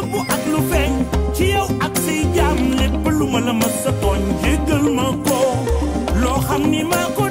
nëbbu ak lu feeñ ci yow ak say jaam lépp lu ma la ma sa tooñ jéggal ma ko loo xam ni maa ko